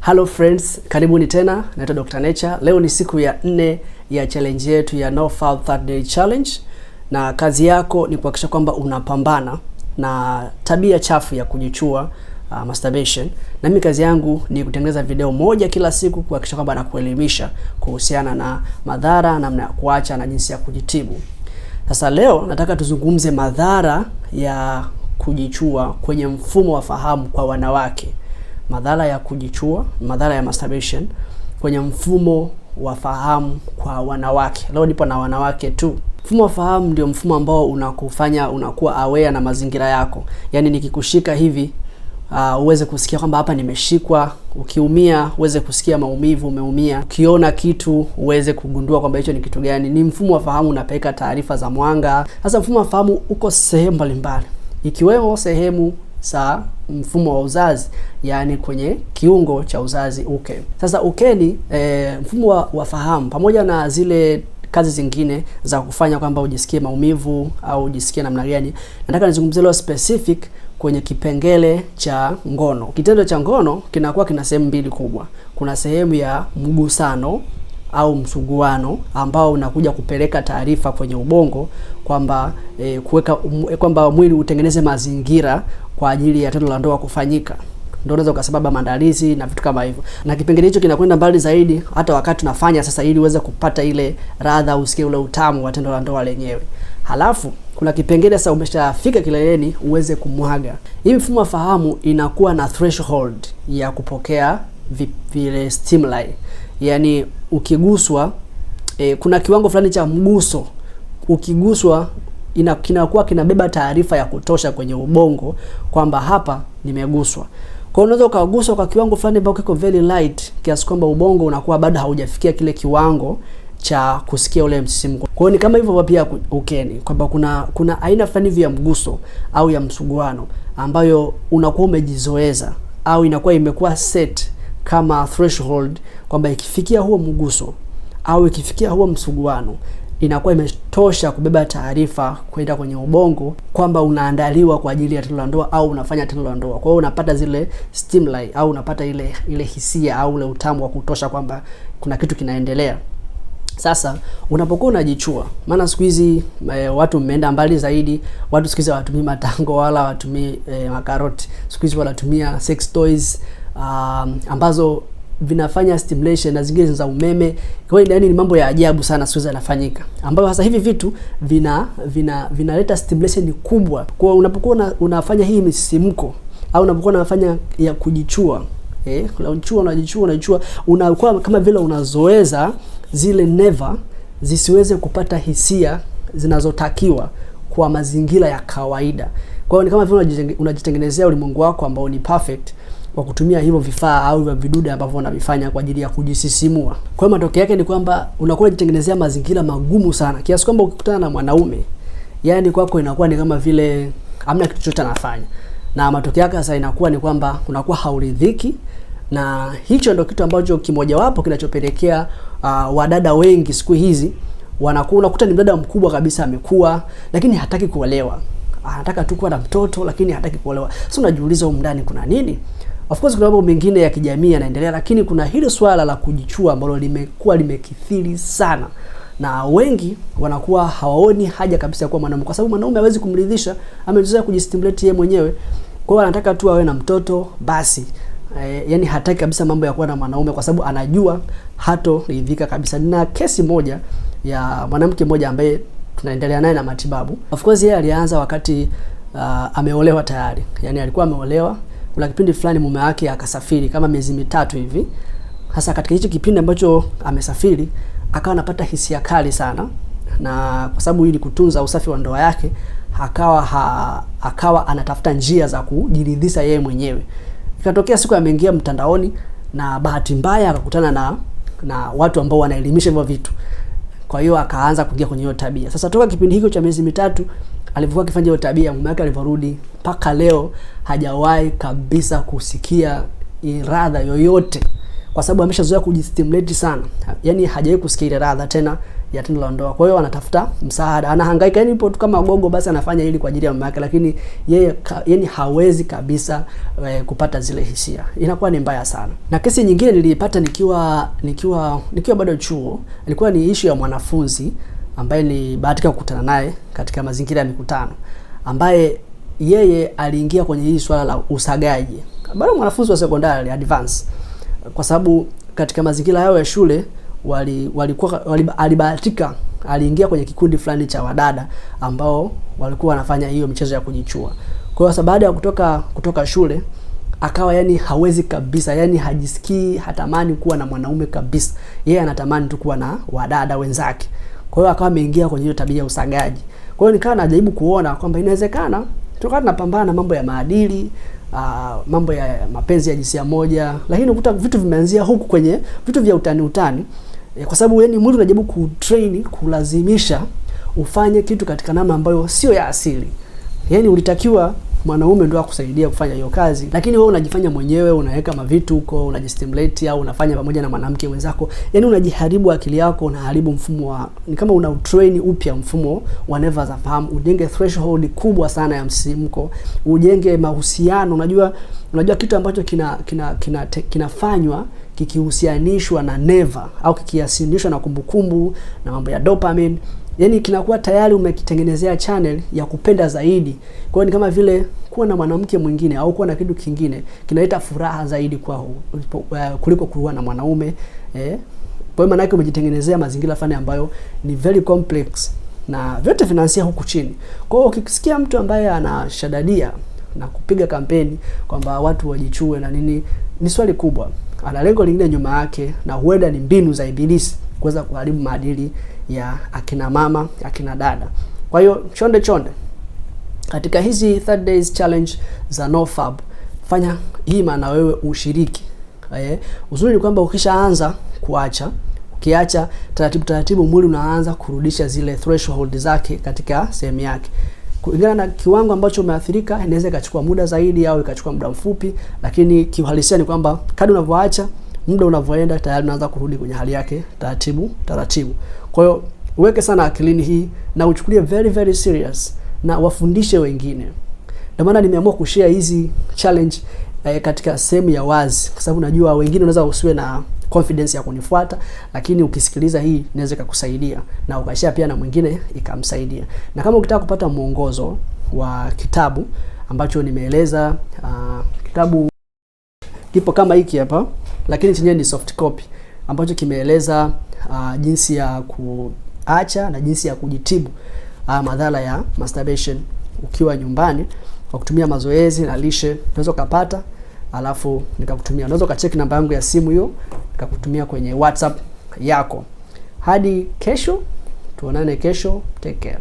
Hello friends, karibuni tena. Naitwa Dr. Nature. Leo ni siku ya nne ya challenge yetu ya No Foul Third Day Challenge, na kazi yako ni kuhakikisha kwamba unapambana na tabia chafu ya kujichua uh, masturbation. Na mimi kazi yangu ni kutengeneza video moja kila siku kuhakikisha kwamba nakuelimisha kuhusiana na madhara, namna ya kuacha na jinsi ya kujitibu. Sasa leo nataka tuzungumze madhara ya kujichua kwenye mfumo wa fahamu kwa wanawake madhara ya kujichua, madhara ya masturbation kwenye mfumo wa fahamu kwa wanawake. Leo nipo na wanawake tu. Mfumo wa fahamu ndio mfumo ambao unakufanya unakuwa aware na mazingira yako, yaani nikikushika hivi uh, uweze kusikia kwamba hapa nimeshikwa. Ukiumia uweze kusikia maumivu umeumia. Ukiona kitu uweze kugundua kwamba hicho ni kitu gani. Ni mfumo wa fahamu unapeleka taarifa za mwanga. Sasa mfumo wa fahamu uko sehemu mbalimbali, ikiwemo sehemu za mfumo wa uzazi, yaani kwenye kiungo cha uzazi uke. Sasa ukeni e, mfumo wa, wa fahamu pamoja na zile kazi zingine za kufanya kwamba ujisikie maumivu au ujisikie namna gani, nataka nizungumzie leo specific kwenye kipengele cha ngono. Kitendo cha ngono kinakuwa kina sehemu mbili kubwa. Kuna sehemu ya mgusano au msuguano ambao unakuja kupeleka taarifa kwenye ubongo kwamba e, kuweka eh, kwamba mwili utengeneze mazingira kwa ajili ya tendo la ndoa kufanyika. Ndio unaweza ukasababa maandalizi na vitu kama hivyo, na kipengele hicho kinakwenda mbali zaidi hata wakati unafanya sasa, ili uweze kupata ile radha, usikie ule utamu wa tendo la ndoa lenyewe. Halafu kuna kipengele sasa, umeshafika kileleni, uweze kumwaga. Hii mfumo wa fahamu inakuwa na threshold ya kupokea vile stimuli, yani ukiguswa e, kuna kiwango fulani cha mguso ukiguswa ina, kinakuwa kinabeba taarifa ya kutosha kwenye ubongo kwamba hapa nimeguswa. Kwa unaweza ukaguswa kwa kiwango fulani ambacho kiko very light kiasi kwamba ubongo unakuwa bado haujafikia kile kiwango cha kusikia ule msisimko. Kwa hiyo ni kama hivyo pia ukeni kwamba kuna kuna aina fulani hivi ya mguso au ya msuguano ambayo unakuwa umejizoeza au inakuwa imekuwa set kama threshold kwamba ikifikia huo mguso au ikifikia huo msuguano inakuwa imetosha kubeba taarifa kwenda kwenye ubongo kwamba unaandaliwa kwa ajili ya tendo la ndoa au unafanya tendo la ndoa. Kwa hiyo unapata zile stimuli au unapata ile ile hisia au ule utamu wa kutosha kwamba kuna kitu kinaendelea. Sasa unapokuwa unajichua, maana siku hizi e, watu mmeenda mbali zaidi. Watu siku hizi hawatumii matango wala hawatumii e, makaroti. Siku hizi wanatumia sex toys um, ambazo vinafanya stimulation na zingine za umeme. Kwa hiyo yani ni mambo ya ajabu sana siwezi yanafanyika, ambayo sasa hivi vitu vina vina vinaleta stimulation kubwa. Kwa unapokuwa una, unafanya hii msisimko au unapokuwa unafanya ya kujichua eh, unachua unajichua unajichua, unakuwa kama vile unazoeza zile neva zisiweze kupata hisia zinazotakiwa kwa mazingira ya kawaida. Kwa hiyo ni kama vile unajitengenezea ulimwengu wako ambao ni perfect kwa kutumia hivyo vifaa au hivyo vidude ambavyo wanavifanya kwa ajili ya kujisisimua. Kwa hiyo matokeo yake ni kwamba unakuwa unajitengenezea mazingira magumu sana kiasi kwamba ukikutana na mwanaume, yani kwako inakuwa ni kama vile hamna kitu chochote anafanya, na matokeo yake sasa inakuwa ni kwamba unakuwa hauridhiki, na hicho ndio kitu ambacho kimojawapo kinachopelekea uh, wadada wengi siku hizi wanakuwa unakuta ni mdada mkubwa kabisa amekuwa, lakini hataki kuolewa, anataka tu kuwa na mtoto, lakini hataki kuolewa. Sasa unajiuliza huko ndani kuna nini? Of course kuna mambo mengine ya kijamii yanaendelea, lakini kuna hili swala la kujichua ambalo limekuwa limekithiri sana, na wengi wanakuwa hawaoni haja kabisa ya kuwa mwanaume, kwa sababu mwanaume hawezi kumridhisha, amezoea kujistimulate yeye mwenyewe. Kwa hiyo anataka tu awe na mtoto basi. E, yani hataki kabisa mambo ya kuwa na mwanaume kwa sababu anajua hatoridhika kabisa. Na kesi moja ya mwanamke mmoja ambaye tunaendelea naye na matibabu. Of course yeye alianza wakati uh, ameolewa tayari, yani alikuwa ameolewa kuna kipindi fulani mume wake akasafiri kama miezi mitatu hivi. Sasa katika hicho kipindi ambacho amesafiri akawa anapata hisia kali sana, na kwa sababu ili kutunza usafi wa ndoa yake akawa ha, akawa anatafuta njia za kujiridhisha yeye mwenyewe. Ikatokea siku ameingia mtandaoni na bahati mbaya akakutana na na watu ambao wanaelimisha hivyo vitu kwa hiyo akaanza kuingia kwenye hiyo tabia. Sasa toka kipindi hicho cha miezi mitatu alivyokuwa akifanya hiyo tabia, mume wake alivyorudi mpaka leo hajawahi kabisa kusikia radha yoyote, kwa sababu ameshazoea kujistimulate sana, yaani hajawahi kusikia ile radha tena ya tendo la ndoa. Kwa hiyo anatafuta msaada, anahangaika, yani ipo tu kama gogo, basi anafanya ili kwa ajili ya mama yake, lakini yeye ka, yani hawezi kabisa e, kupata zile hisia, inakuwa ni mbaya sana. Na kesi nyingine niliipata nikiwa nikiwa nikiwa bado chuo, ilikuwa ni issue ya mwanafunzi ambaye nilibahatika kukutana naye katika mazingira ya mikutano, ambaye yeye aliingia kwenye hii swala la usagaji, bado mwanafunzi wa sekondari advance, kwa sababu katika mazingira yao ya shule wali, walikuwa wali, alibahatika aliingia kwenye kikundi fulani cha wadada ambao walikuwa wanafanya hiyo michezo ya kujichua. Kwa hiyo baada ya kutoka kutoka shule akawa yani hawezi kabisa, yani hajisikii, hatamani kuwa na mwanaume kabisa. Yeye anatamani tu kuwa na wadada wenzake. Kwa hiyo akawa ameingia kwenye hiyo tabia ya usagaji. Kwa hiyo nikawa najaribu kuona kwamba inawezekana tukawa tunapambana na mambo ya maadili, uh, mambo ya mapenzi ya jinsia moja, lakini ukuta vitu vimeanzia huku kwenye vitu vya utani utani E, kwa sababu yani mwili unajaribu kutrain kulazimisha ufanye kitu katika namna ambayo sio ya asili. Yani ulitakiwa mwanaume ndio akusaidia kufanya hiyo kazi, lakini wewe unajifanya mwenyewe, unaweka mavitu huko, unajistimulate au unafanya pamoja na mwanamke wenzako. Yani unajiharibu akili yako, unaharibu mfumo wa ni kama una train upya mfumo wa neva za fahamu, ujenge threshold kubwa sana ya msimko, ujenge mahusiano. Unajua, unajua kitu ambacho kina kina kinafanywa kina kikihusianishwa na neva au kikihusianishwa na kumbukumbu na mambo ya dopamine, yani kinakuwa tayari umekitengenezea channel ya kupenda zaidi. Kwa hiyo ni kama vile kuwa na mwanamke mwingine au kuwa na kitu kingine kinaleta furaha zaidi kwa eh, kuliko kuwa na mwanaume eh. Kwa hiyo maana yake umejitengenezea mazingira fulani ambayo ni very complex na vyote vinaanzia huku chini. Kwa hiyo ukisikia mtu ambaye anashadadia na kupiga kampeni kwamba watu wajichue na nini, ni swali kubwa ana lengo lingine nyuma yake, na huenda ni mbinu za Ibilisi kuweza kuharibu maadili ya akina mama, akina dada. Kwa hiyo chonde chonde, katika hizi 30 days challenge za nofab, fanya hima na wewe ushiriki. E, uzuri ni kwamba ukishaanza kuacha ukiacha taratibu taratibu, mwili unaanza kurudisha zile threshold zake katika sehemu yake kulingana na kiwango ambacho umeathirika, inaweza ikachukua muda zaidi au ikachukua muda mfupi, lakini kiuhalisia ni kwamba kadri unavyoacha muda unavyoenda tayari unaanza kurudi kwenye hali yake taratibu taratibu. Kwa hiyo uweke sana akilini hii na uchukulie very very serious na wafundishe wengine. Ndio maana nimeamua kushare hizi challenge eh, katika sehemu ya wazi, kwa sababu najua wengine unaweza usiwe na confidence ya kunifuata, lakini ukisikiliza hii inaweza ikakusaidia na ukashia pia na mwingine ikamsaidia. Na kama ukitaka kupata mwongozo wa kitabu ambacho nimeeleza, uh, kitabu kipo kama hiki hapa, lakini chenyewe ni soft copy ambacho kimeeleza uh, jinsi ya kuacha na jinsi ya kujitibu uh, madhara ya masturbation ukiwa nyumbani kwa kutumia mazoezi na lishe, unaweza ukapata alafu nikakutumia. Unaweza ukacheki namba yangu ya simu hiyo, nikakutumia kwenye WhatsApp yako. Hadi kesho, tuonane kesho. Take care.